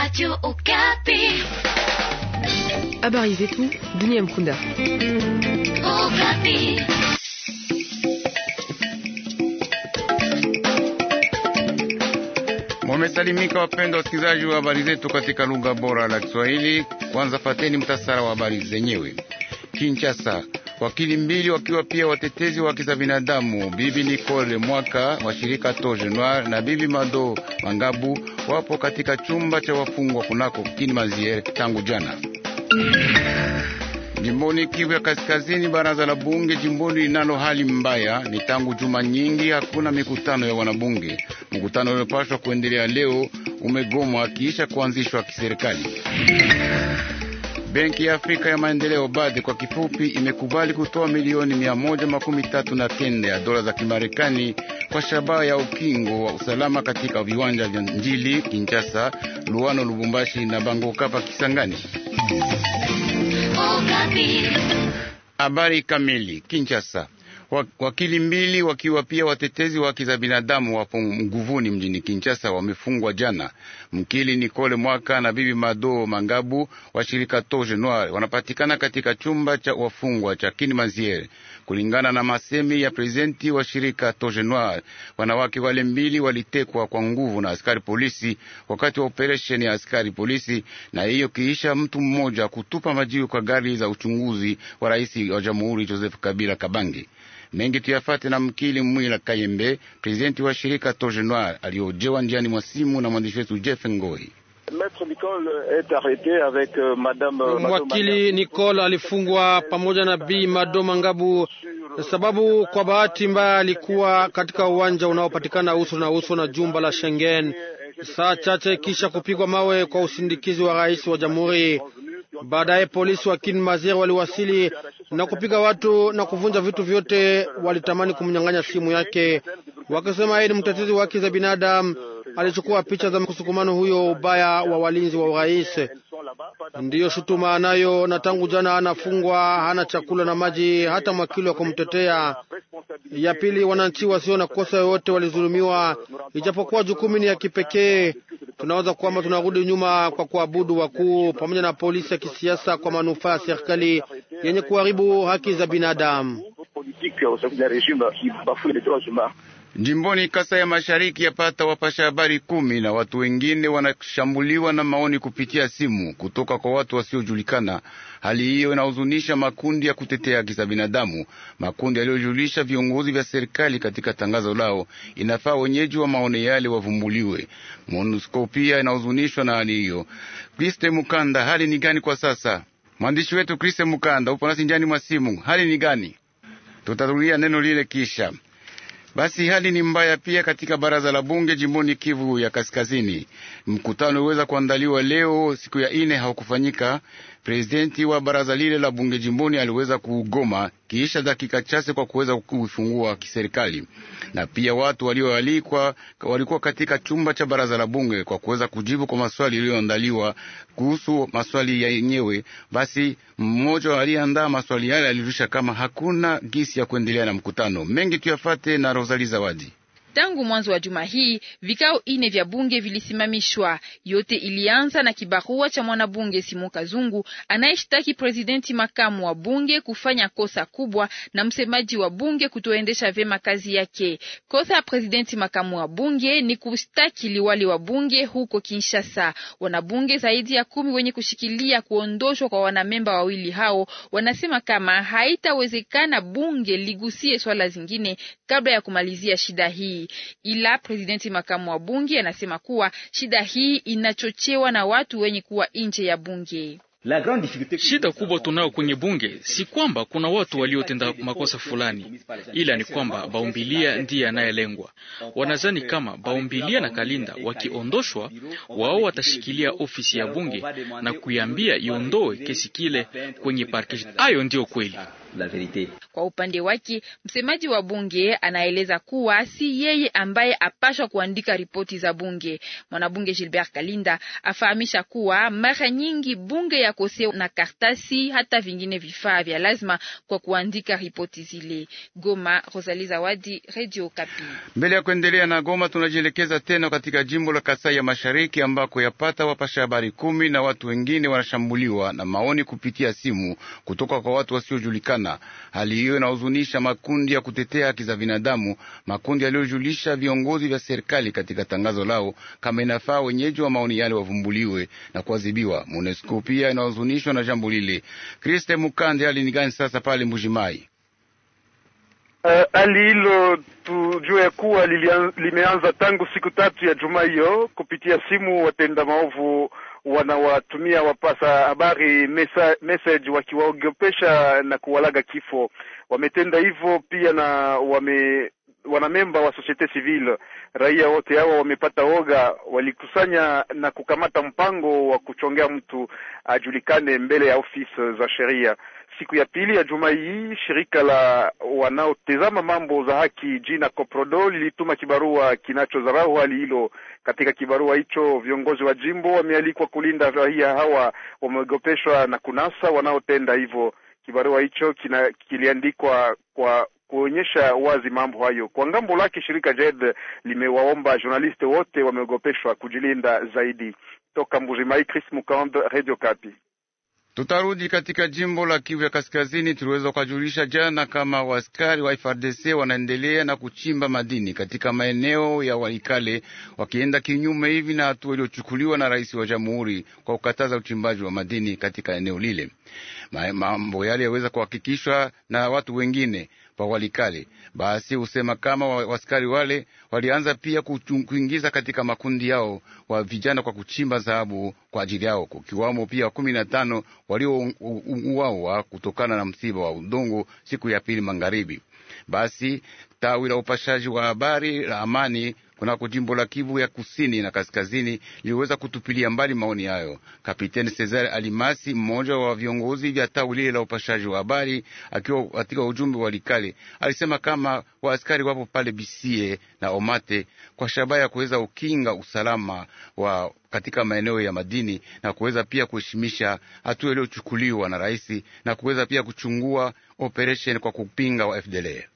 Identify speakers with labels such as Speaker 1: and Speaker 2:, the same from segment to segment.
Speaker 1: Radio Okapi. Habari ah zetu dunia mkunda. Okapi.
Speaker 2: Mumesalimika wapendwa wasikilizaji wa habari zetu katika lugha bora la Kiswahili. Kwanza fateni mtasara wa habari zenyewe. Kinshasa wakili mbili wakiwa pia watetezi wa haki za binadamu, bibi Nicole Mwaka wa shirika Toje Noir na bibi Mado Mangabu wapo katika chumba cha wafungwa kunako Kilimanjaro tangu jana. Jimboni Kivu ya Kaskazini, baraza la bunge jimboni linalo hali mbaya. Ni tangu juma nyingi hakuna mikutano ya wanabunge. Mkutano uliopashwa kuendelea leo umegomwa kisha kuanzishwa kiserikali. Benki ya Afrika ya Maendeleo BAD kwa kifupi, imekubali kutoa milioni mia moja makumi tatu na kenda ya dola za Kimarekani kwa shabaha ya ukingo wa usalama katika viwanja vya Njili, Kinshasa, Luano, Lubumbashi na bango kapa Kisangani. Oh, Habari kamili. Kinshasa. Wakili mbili wakiwa pia watetezi wa haki za binadamu wapo nguvuni mjini Kinshasa wamefungwa jana. Mkili Nicole Mwaka na bibi Mado Mangabu wa shirika Toje Noir wanapatikana katika chumba cha wafungwa cha Kilimanjaro. Kulingana na masemi ya prezidenti wa shirika Toje Noir, wanawake wale mbili walitekwa kwa nguvu na askari polisi wakati wa operesheni ya askari polisi, na hiyo kiisha mtu mmoja kutupa majiwe kwa gari za uchunguzi wa rais wa jamhuri Joseph Kabila Kabange mengi tuyafate na mkili Mwila Kayembe, prezidenti wa shirika Toje Noir, aliojewa njiani mwa simu na mwandishi wetu Jeff Ngoi.
Speaker 3: Mwakili euh, euh, Nicole alifungwa pamoja na Bi Mado Mangabu sababu kwa bahati mbaya alikuwa katika uwanja unaopatikana uso na uso na jumba la Schengen saa chache kisha kupigwa mawe kwa usindikizi wa rais wa jamhuri. Baadaye polisi wa Kinmazer waliwasili na kupiga watu na kuvunja vitu vyote. Walitamani kumnyang'anya simu yake, wakisema yeye ni mtetezi wa haki za binadamu. Alichukua picha za mkusukumano huyo, ubaya wa walinzi wa urais ndiyo shutuma anayo, na tangu jana anafungwa, hana chakula na maji, hata mwakili wa kumtetea. Ya pili, wananchi wasio na kosa yoyote walizulumiwa, ijapokuwa jukumu ni ya kipekee tunaweza kwamba tunarudi nyuma kwa kuabudu wakuu pamoja na polisi ya kisiasa kwa manufaa ya serikali yenye kuharibu haki za binadamu.
Speaker 2: Jimboni Kasa ya Mashariki yapata wapasha habari kumi na watu wengine wanashambuliwa na maoni kupitia simu kutoka kwa watu wasiojulikana. Hali hiyo inahuzunisha makundi ya kutetea haki za binadamu, makundi yaliyojulisha viongozi vya serikali katika tangazo lao. Inafaa wenyeji wa maoni yale wavumbuliwe. MONUSCO pia inahuzunishwa na hali hiyo. Kriste Mukanda, hali ni gani kwa sasa? Mwandishi wetu Kriste Mukanda upo nasi njani mwa simu, hali ni gani? Tutarudia neno lile kisha basi hali ni mbaya pia katika baraza la bunge jimboni Kivu ya Kaskazini. Mkutano uliweza kuandaliwa leo siku ya ine haukufanyika. Prezidenti wa baraza lile la bunge jimboni aliweza kuugoma kiisha dakika chache kwa kuweza kuifungua kiserikali, na pia watu walioalikwa walikuwa katika chumba cha baraza la bunge kwa kuweza kujibu kwa maswali yaliyoandaliwa kuhusu maswali yenyewe. Basi mmoja aliyeandaa maswali yale alirusha kama hakuna gisi ya kuendelea na mkutano. Mengi tuyafate na Rosali Zawadi.
Speaker 1: Tangu mwanzo wa juma hii vikao ine vya bunge vilisimamishwa. Yote ilianza na kibarua cha mwanabunge Simon Kazungu anayeshtaki presidenti makamu wa bunge kufanya kosa kubwa na msemaji wa bunge kutoendesha vyema kazi yake. Kosa ya presidenti makamu wa bunge ni kushtaki liwali wa bunge huko Kinshasa. Wanabunge zaidi ya kumi wenye kushikilia kuondoshwa kwa wanamemba wawili hao wanasema kama haitawezekana bunge ligusie swala zingine kabla ya kumalizia shida hii hii, ila presidenti makamu wa bunge anasema kuwa shida hii inachochewa na watu wenye kuwa nje ya bunge. Shida kubwa tunayo kwenye bunge
Speaker 2: si kwamba kuna watu waliotenda makosa fulani, ila ni kwamba Baumbilia ndiye
Speaker 1: anayelengwa. Wanazani kama Baumbilia na Kalinda wakiondoshwa, wao watashikilia ofisi ya bunge na kuiambia iondoe kesi kile kwenye parkeshi. Hayo ndiyo kweli la verite. Kwa upande wake msemaji wa bunge anaeleza kuwa si yeye ambaye apashwa kuandika ripoti za bunge. Mwanabunge Gilbert Kalinda afahamisha kuwa mara nyingi bunge yakosea na kartasi hata vingine vifaa vya lazima kwa kuandika ripoti zile. Goma, Rosalie Zawadi, Radio Kapi.
Speaker 2: Mbele ya kuendelea na Goma, tunajielekeza tena katika jimbo la Kasai ya Mashariki ambako yapata wapasha habari kumi na watu wengine wanashambuliwa na maoni kupitia simu kutoka kwa watu wasiojulikana sana. Hali hiyo inahuzunisha makundi ya kutetea haki za binadamu, makundi yaliyojulisha viongozi vya serikali katika tangazo lao kama inafaa wenyeji wa maoni yale wavumbuliwe na kuadhibiwa. MONUSCO pia inahuzunishwa na jambo lile. Kriste Mukande, hali ni gani sasa pale Mbujimai?
Speaker 3: Eh, hali uh, hilo tujue kuwa limeanza tangu siku tatu ya juma hiyo, kupitia simu watenda maovu wanawatumia wapasa habari message wakiwaogopesha na kuwalaga kifo. Wametenda hivyo pia na wame wanamemba wa societe civile. Raia wote hawa wamepata oga, walikusanya na kukamata mpango wa kuchongea mtu ajulikane mbele ya ofisi za sheria siku ya pili ya juma hii, shirika la wanaotazama mambo za haki jina Coprodo lilituma kibarua kinachodharau hali hilo. Katika kibarua hicho, viongozi wa jimbo wamealikwa kulinda raia hawa wameogopeshwa na kunasa wanaotenda hivyo. Kibarua hicho kina, kiliandikwa kwa kuonyesha wazi mambo hayo. Kwa ngambo lake, shirika JED limewaomba journaliste wote wameogopeshwa kujilinda zaidi. Toka Mbujimai, Chris Mukambe, Radio Kapi.
Speaker 2: Tutarudi katika jimbo la Kivu ya Kaskazini. Tuliweza kujulisha jana kama waskari wa frdc wanaendelea na kuchimba madini katika maeneo ya Walikale, wakienda kinyume hivi na hatua iliyochukuliwa na rais wa jamhuri kwa kukataza uchimbaji wa madini katika eneo lile. Mambo yale yaweza kuhakikishwa na watu wengine pa Walikale. Basi husema kama waskari wale walianza pia kuingiza katika makundi yao wa vijana kwa kuchimba dhahabu kwa ajili yao, kukiwamo pia kumi na tano waliouawa kutokana na msiba wa udongo siku ya pili magharibi. Basi tawi la upashaji wa habari la Amani kunako jimbo la Kivu ya kusini na kaskazini liliweza kutupilia mbali maoni hayo. Kapiteni Cesar Alimasi, mmoja wa viongozi vya tawi lile la upashaji wa habari, akiwa katika ujumbe wa Likale, alisema kama waaskari wapo pale Bisie na Omate kwa shabaha ya kuweza ukinga usalama wa katika maeneo ya madini na kuweza pia kuheshimisha hatua iliyochukuliwa na rais na kuweza pia kuchungua operesheni kwa kupinga wa FDLR.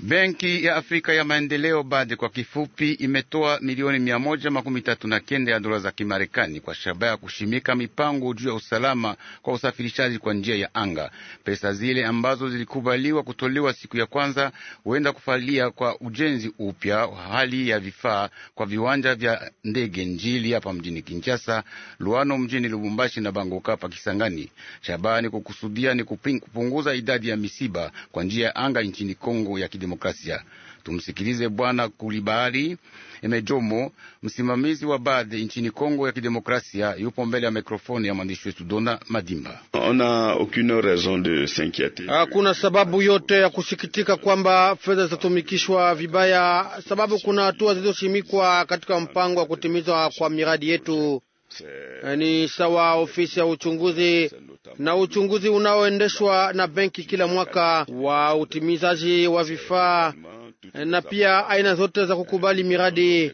Speaker 2: Benki ya Afrika ya Maendeleo BAD kwa kifupi imetoa milioni mia moja makumi tatu na kenda ya dola za Kimarekani kwa shabaha ya kushimika mipango juu ya usalama kwa usafirishaji kwa njia ya anga. Pesa zile ambazo zilikubaliwa kutolewa siku ya kwanza huenda kufalia kwa ujenzi upya hali ya vifaa kwa viwanja vya ndege Njili hapa mjini Kinshasa, Luano mjini Lubumbashi na Bangoka hapa Kisangani. Shabaha ni kukusudia ni kupunguza idadi ya misiba kwa njia ya anga nchini Kongo ya Kidemokrasia. Tumsikilize Bwana Kulibali Emejomo, msimamizi wa BAD nchini Kongo ya Kidemokrasia, yupo mbele ya mikrofoni ya mwandishi wetu Dona Madimba.
Speaker 3: Hakuna sababu yote ya kusikitika kwamba fedha zitatumikishwa vibaya, sababu kuna hatua zilizoshimikwa katika mpango wa kutimizwa kwa miradi yetu ni sawa ofisi ya uchunguzi na uchunguzi unaoendeshwa na benki kila mwaka wa utimizaji wa vifaa na pia aina zote za kukubali miradi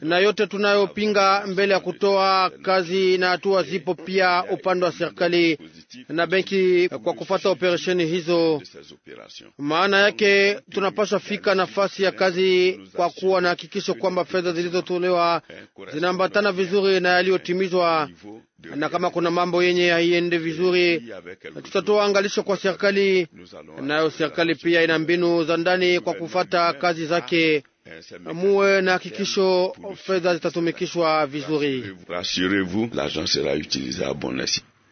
Speaker 3: na yote tunayopinga mbele ya kutoa kazi na hatua zipo pia upande wa serikali na benki kwa kufata operesheni hizo. Maana yake tunapaswa fika nafasi ya kazi kwa kuwa na hakikisho kwamba fedha zilizotolewa zinaambatana vizuri na yaliyotimizwa na kama kuna mambo yenye haiende vizuri, tutatoa angalisho kwa serikali, nayo serikali pia ina mbinu za ndani kwa kufata kazi zake. Muwe na hakikisho fedha zitatumikishwa vizuri.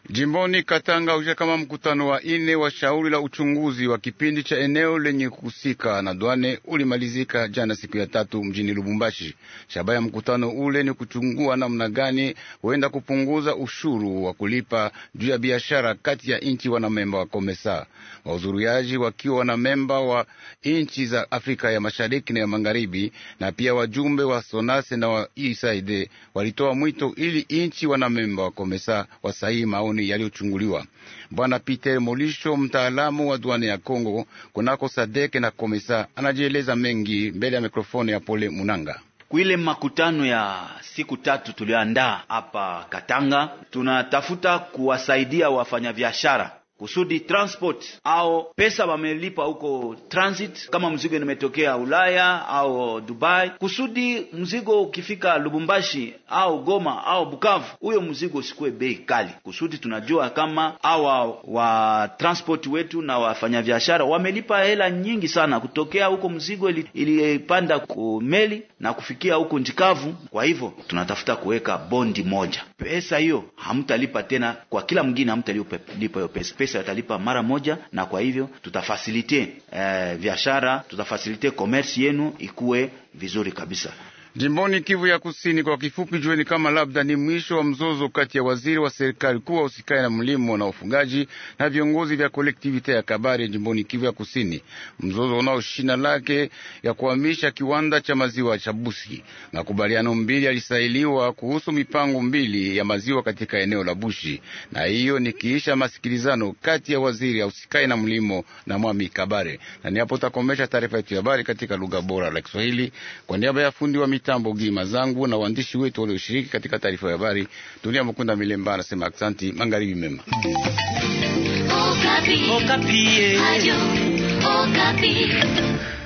Speaker 2: Jimboni Katanga uja kama mkutano wa ine wa shauri la uchunguzi wa kipindi cha eneo lenye kuhusika na dwane ulimalizika jana siku ya tatu mjini Lubumbashi. Shabaha ya mkutano ule ni kuchungua namna gani huenda kupunguza ushuru wa kulipa juu ya biashara kati ya nchi wanamemba wa Komesa. Wahudhuriaji wakiwa wanamemba wa nchi za Afrika ya Mashariki na ya Magharibi, na pia wajumbe wa Sonase na wa USAID e walitoa mwito ili nchi wanamemba wa Komesa wasaini maoni maoni yaliyochunguliwa. Bwana Peter Molisho, mtaalamu wa duane ya Kongo kunako Sadeke na Komesa, anajieleza mengi mbele ya mikrofoni ya Pole Munanga.
Speaker 1: kwile makutano ya siku tatu tulioandaa hapa Katanga, tunatafuta kuwasaidia wafanyabiashara kusudi transport au pesa wamelipa huko transit, kama mzigo nimetokea Ulaya au Dubai, kusudi mzigo ukifika Lubumbashi au Goma au Bukavu, huyo mzigo usikuwe bei kali, kusudi tunajua kama awa wa transport wetu na wafanyabiashara wamelipa hela nyingi sana kutokea huko mzigo ilipanda ku meli na kufikia huko njikavu. Kwa hivyo tunatafuta kuweka bondi moja, pesa hiyo hamtalipa tena kwa kila mgine, hamtalipa hiyo pesa, pesa pesa yatalipa mara moja, na kwa hivyo tutafasilitie eh, biashara, tutafasilitie commerce yenu ikuwe vizuri kabisa.
Speaker 2: Jimboni Kivu ya Kusini, kwa kifupi jueni kama labda ni mwisho wa mzozo kati ya waziri wa serikali kuwa usikai na mlimo na ufugaji na viongozi vya kolektivite ya Kabare jimboni Kivu ya Kusini, mzozo unao shina lake ya kuhamisha kiwanda cha maziwa cha Bushi. Makubaliano mbili yalisailiwa kuhusu mipango mbili ya maziwa katika eneo la Bushi, na hiyo ni kiisha masikilizano kati ya waziri usikai na mlimo na mwami Kabare. Na niapo takomesha taarifa yetu ya habari katika lugha bora la Kiswahili kwa niaba ya fundi wa mitambo Gima Zangu na waandishi wetu walioshiriki katika taarifa ya habari. Dunia Mkunda Milemba anasema aksanti, mangaribi mema.
Speaker 1: Okapi. Okapi. Eh. Okapi.